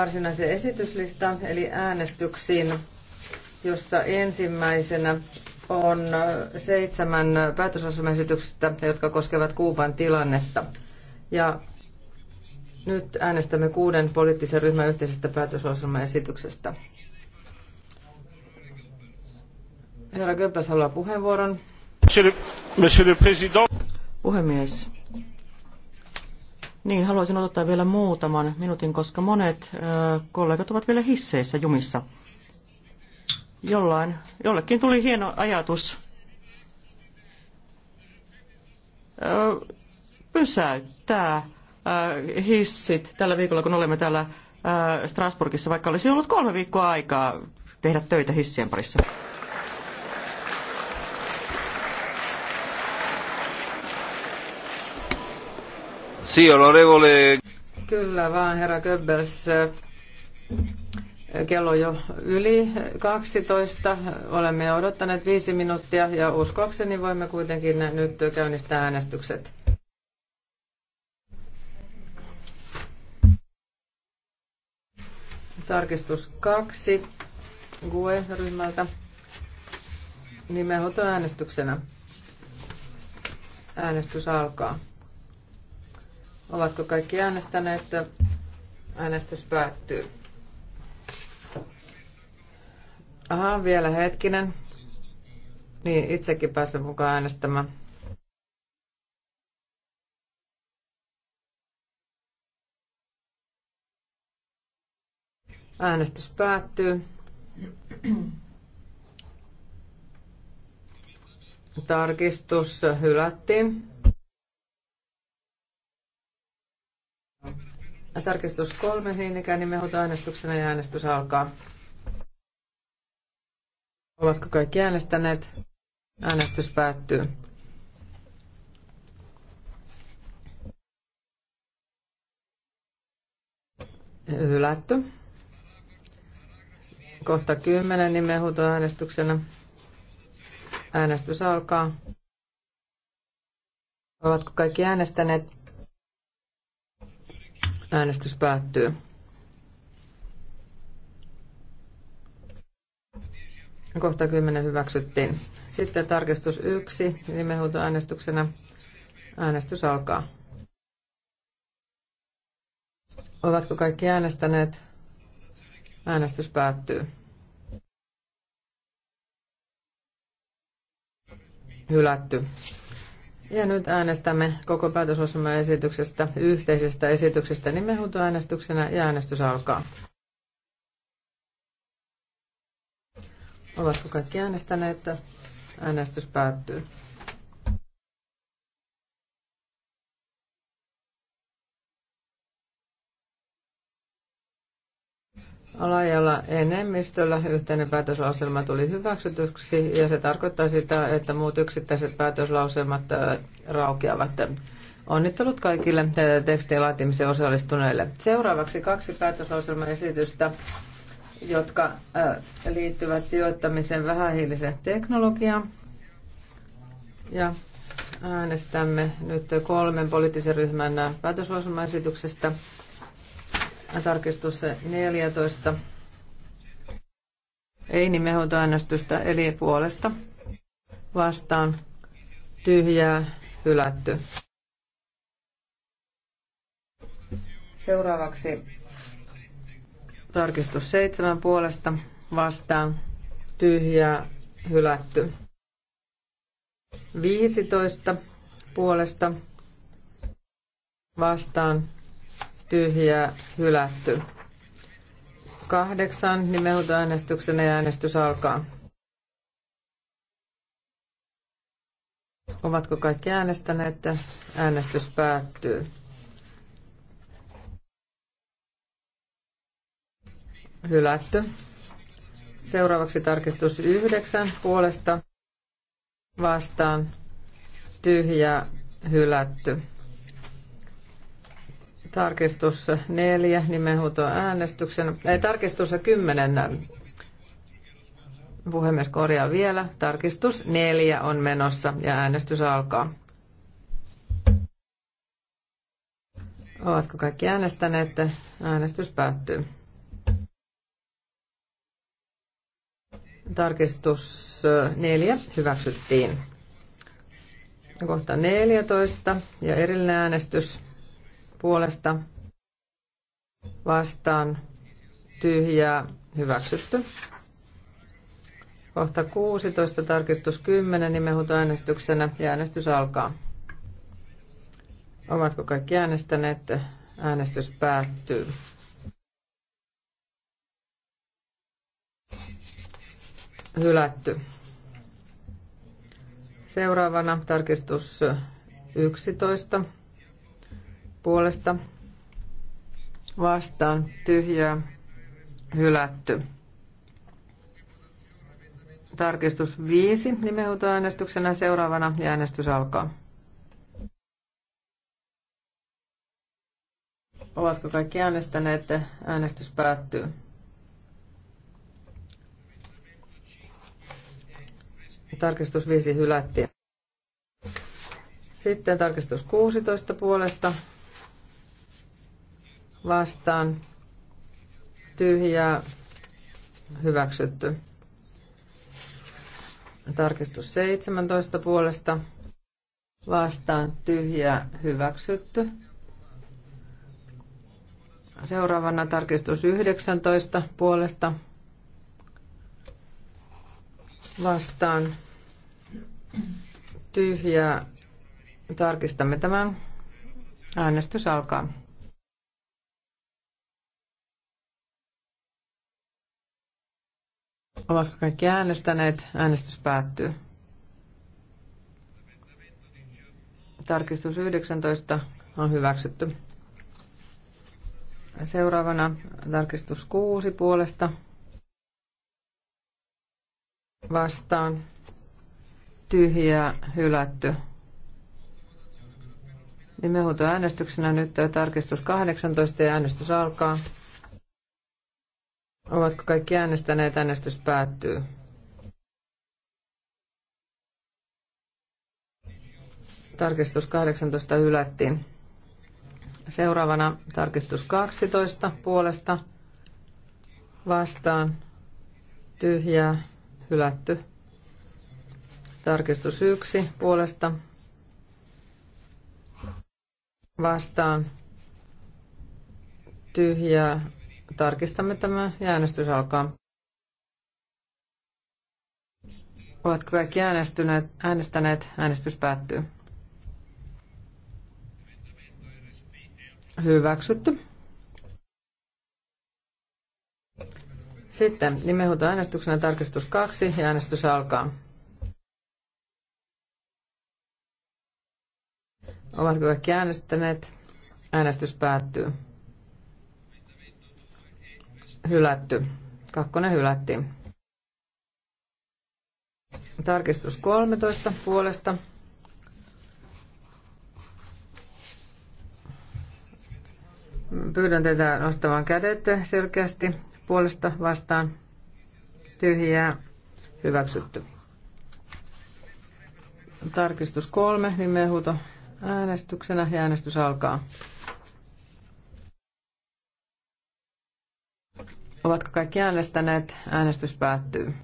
varsinaiseen esityslistaan eli äänestyksiin, jossa ensimmäisenä on seitsemän päätösasemaesityksestä, jotka koskevat Kuuban tilannetta. Ja nyt äänestämme kuuden poliittisen ryhmän yhteisestä päätöslauselmaesityksestä. Herra Göbbels haluaa puheenvuoron. Monsieur le, Monsieur le Puhemies, niin, haluaisin ottaa vielä muutaman minuutin, koska monet ö, kollegat ovat vielä hisseissä jumissa. Jollain, jollekin tuli hieno ajatus ö, pysäyttää ö, hissit tällä viikolla, kun olemme täällä ö, Strasburgissa, vaikka olisi ollut kolme viikkoa aikaa tehdä töitä hissien parissa. onorevole. Kyllä vaan, herra Goebbels. Kello jo yli 12. Olemme odottaneet viisi minuuttia ja uskoakseni voimme kuitenkin nyt käynnistää äänestykset. Tarkistus kaksi GUE-ryhmältä nimenhoitoäänestyksenä. Äänestys alkaa. Ovatko kaikki äänestäneet? Äänestys päättyy. Aha, vielä hetkinen. Niin, itsekin pääsen mukaan äänestämään. Äänestys päättyy. Tarkistus hylättiin. Tarkistus kolme, niin ikään niin äänestyksenä ja äänestys alkaa. Ovatko kaikki äänestäneet? Äänestys päättyy. Hylätty. Kohta 10 niin äänestyksenä. Äänestys alkaa. Ovatko kaikki äänestäneet? Äänestys päättyy. Kohta 10 hyväksyttiin. Sitten tarkistus 1 nimenhuutoäänestyksenä. Äänestys alkaa. Ovatko kaikki äänestäneet? Äänestys päättyy. Hylätty. Ja nyt äänestämme koko esityksestä yhteisestä esityksestä nimenhuutoäänestyksenä ja äänestys alkaa. Ovatko kaikki äänestäneet? Äänestys päättyy. Alajalla enemmistöllä yhteinen päätöslauselma tuli hyväksytyksi ja se tarkoittaa sitä, että muut yksittäiset päätöslauselmat äh, raukeavat. Onnittelut kaikille äh, tekstien laatimiseen osallistuneille. Seuraavaksi kaksi päätöslauselmaesitystä, jotka äh, liittyvät sijoittamiseen vähähiiliseen teknologiaan. Ja äänestämme nyt kolmen poliittisen ryhmän päätöslauselmaesityksestä tarkistus 14. Ei nimenhuutoäänestystä, eli puolesta vastaan tyhjää hylätty. Seuraavaksi tarkistus 7 puolesta vastaan tyhjää hylätty. 15 puolesta vastaan tyhjää hylätty. Kahdeksan äänestyksen ja äänestys alkaa. Ovatko kaikki äänestäneet? Äänestys päättyy. Hylätty. Seuraavaksi tarkistus yhdeksän puolesta vastaan tyhjä hylätty. Tarkistus 4, nimenhuuto äänestyksen. Ei, tarkistus 10. Puhemies korjaa vielä. Tarkistus 4 on menossa ja äänestys alkaa. Ovatko kaikki äänestäneet? Äänestys päättyy. Tarkistus 4 hyväksyttiin. Kohta 14 ja erillinen äänestys puolesta vastaan tyhjää hyväksytty. Kohta 16, tarkistus 10, äänestyksenä ja äänestys alkaa. Ovatko kaikki äänestäneet? Äänestys päättyy. Hylätty. Seuraavana tarkistus 11 puolesta vastaan tyhjää hylätty. Tarkistus 5 äänestyksenä seuraavana ja äänestys alkaa. Ovatko kaikki äänestäneet? Äänestys päättyy. Tarkistus 5 hylättiin. Sitten tarkistus 16 puolesta vastaan tyhjää hyväksytty. Tarkistus 17 puolesta vastaan tyhjää hyväksytty. Seuraavana tarkistus 19 puolesta vastaan tyhjää. Tarkistamme tämän. Äänestys alkaa. Ovatko kaikki äänestäneet? Äänestys päättyy. Tarkistus 19 on hyväksytty. Seuraavana tarkistus 6 puolesta vastaan tyhjää hylätty. Nimenhuuto äänestyksenä nyt tarkistus 18 ja äänestys alkaa. Ovatko kaikki äänestäneet? Äänestys päättyy. Tarkistus 18 hylättiin. Seuraavana tarkistus 12 puolesta vastaan tyhjää hylätty. Tarkistus 1 puolesta vastaan tyhjää Tarkistamme tämä ja äänestys alkaa. Ovatko kaikki äänestyneet, äänestäneet? Äänestys päättyy. Hyväksytty. Sitten nimenhuuto äänestyksenä tarkistus 2 ja äänestys alkaa. Ovatko kaikki äänestäneet? Äänestys päättyy hylätty. Kakkonen hylättiin. Tarkistus 13 puolesta. Pyydän teitä nostamaan kädet selkeästi puolesta vastaan. Tyhjää. Hyväksytty. Tarkistus kolme, nimenhuuto äänestyksenä ja äänestys alkaa. Ovatko kaikki äänestäneet? Äänestys päättyy.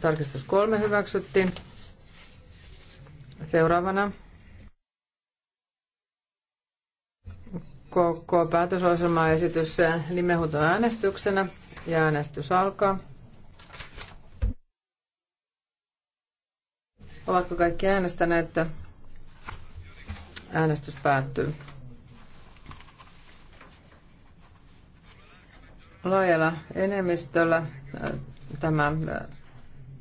Tarkistus kolme hyväksyttiin. Seuraavana koko esitys nimenhuuton äänestyksenä ja äänestys alkaa. Ovatko kaikki äänestäneet? Äänestys päättyy. laajalla enemmistöllä tämä äh,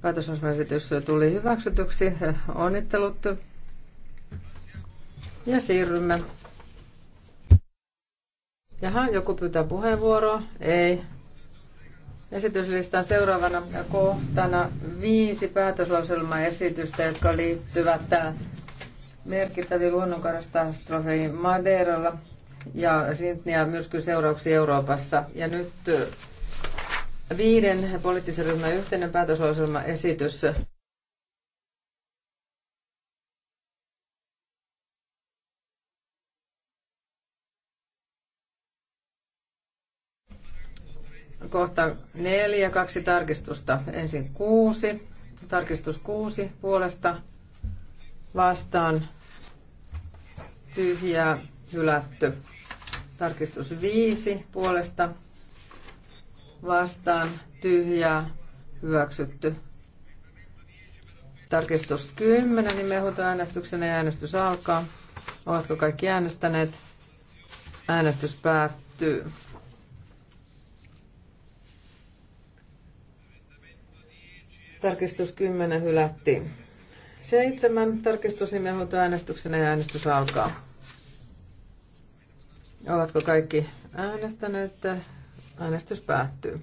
päätösosmaesitys tuli hyväksytyksi. Äh, onnittelut. Ja siirrymme. Jaha, joku pyytää puheenvuoroa? Ei. Esityslistan seuraavana kohtana viisi päätöslauselmaesitystä, jotka liittyvät äh, merkittäviin luonnonkatastrofeihin Madeiralla, ja Sintnia myrskyn seurauksia Euroopassa. Ja nyt viiden poliittisen ryhmän yhteinen esitys Kohta neljä, kaksi tarkistusta. Ensin kuusi, tarkistus kuusi puolesta vastaan tyhjää hylätty. Tarkistus 5 puolesta vastaan tyhjää hyväksytty. Tarkistus 10 nimenhuutoäänestyksenä niin ja äänestys alkaa. Ovatko kaikki äänestäneet? Äänestys päättyy. Tarkistus 10 hylättiin. 7. Tarkistus nimenhuuto niin nimenhuutoäänestyksenä ja äänestys alkaa. Ovatko kaikki äänestäneet? Äänestys päättyy.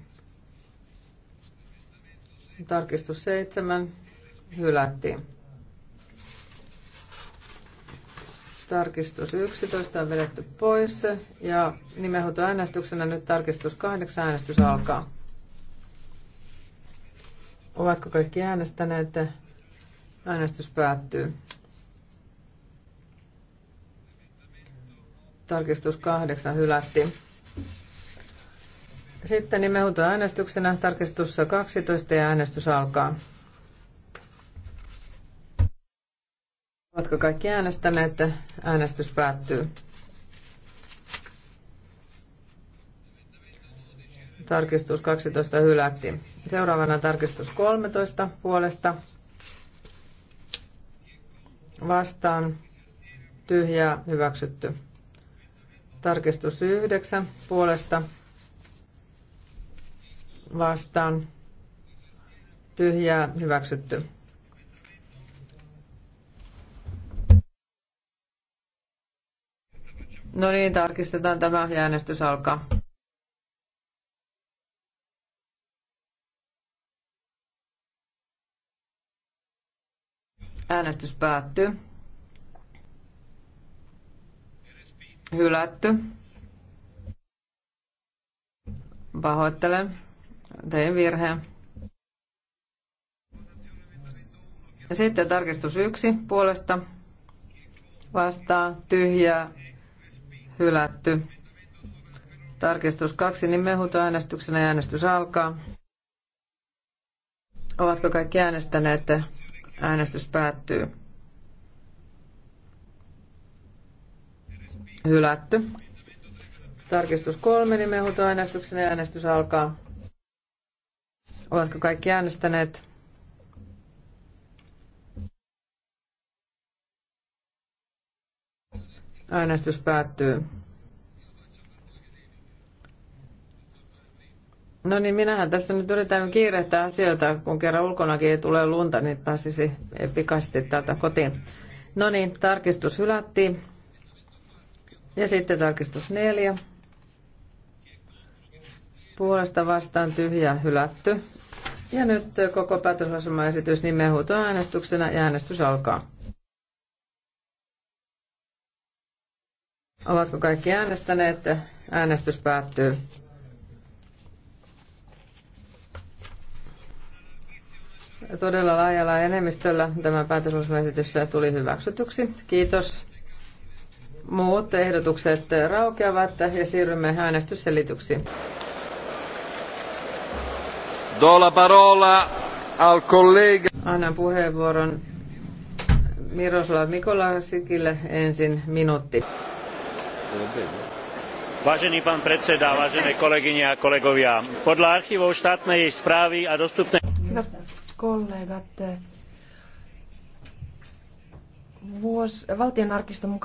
Tarkistus 7 hylättiin. Tarkistus 11 on vedetty pois ja äänestyksenä nyt tarkistus 8 äänestys alkaa. Ovatko kaikki äänestäneet? Äänestys päättyy. Tarkistus kahdeksan hylättiin. Sitten nimenhuuto äänestyksenä tarkistus 12 ja äänestys alkaa. Ovatko kaikki äänestäneet? Äänestys päättyy. Tarkistus 12 hylättiin. Seuraavana tarkistus 13 puolesta. Vastaan. Tyhjää hyväksytty. Tarkistus 9 puolesta vastaan tyhjää hyväksytty. No niin, tarkistetaan tämä ja äänestys alkaa. Äänestys päättyy. Hylätty. Pahoittelen. Tein virheen. Ja sitten tarkistus yksi puolesta vastaa tyhjää hylätty. Tarkistus kaksi niin äänestyksenä ja äänestys alkaa. Ovatko kaikki äänestäneet? Äänestys päättyy. Hylätty. Tarkistus kolme niin äänestyksen ja äänestys alkaa. Ovatko kaikki äänestäneet? Äänestys päättyy. No niin, minähän tässä nyt yritän kiirehtää asioita, kun kerran ulkonakin ei tule lunta, niin pääsisi pikaisesti täältä kotiin. No niin, tarkistus hylättiin. Ja sitten tarkistus neljä. Puolesta vastaan tyhjä hylätty. Ja nyt koko päätöslausumaesitys äänestyksenä ja äänestys alkaa. Ovatko kaikki äänestäneet? Äänestys päättyy. Todella laajalla enemmistöllä tämä päätöslausumaesitys tuli hyväksytyksi. Kiitos. Muut ehdotukset raukeavat ja siirrymme äänestysselityksiin. Do la parola al collega. Annan puheenvuoron Miroslav Mikolasikille ensin minuutti. Vážený pán predseda, vážené kolegyne a kolegovia, podľa archívov štátnej správy a dostupné... No, kollegat, eh, vuos, valtionarkiston mukaan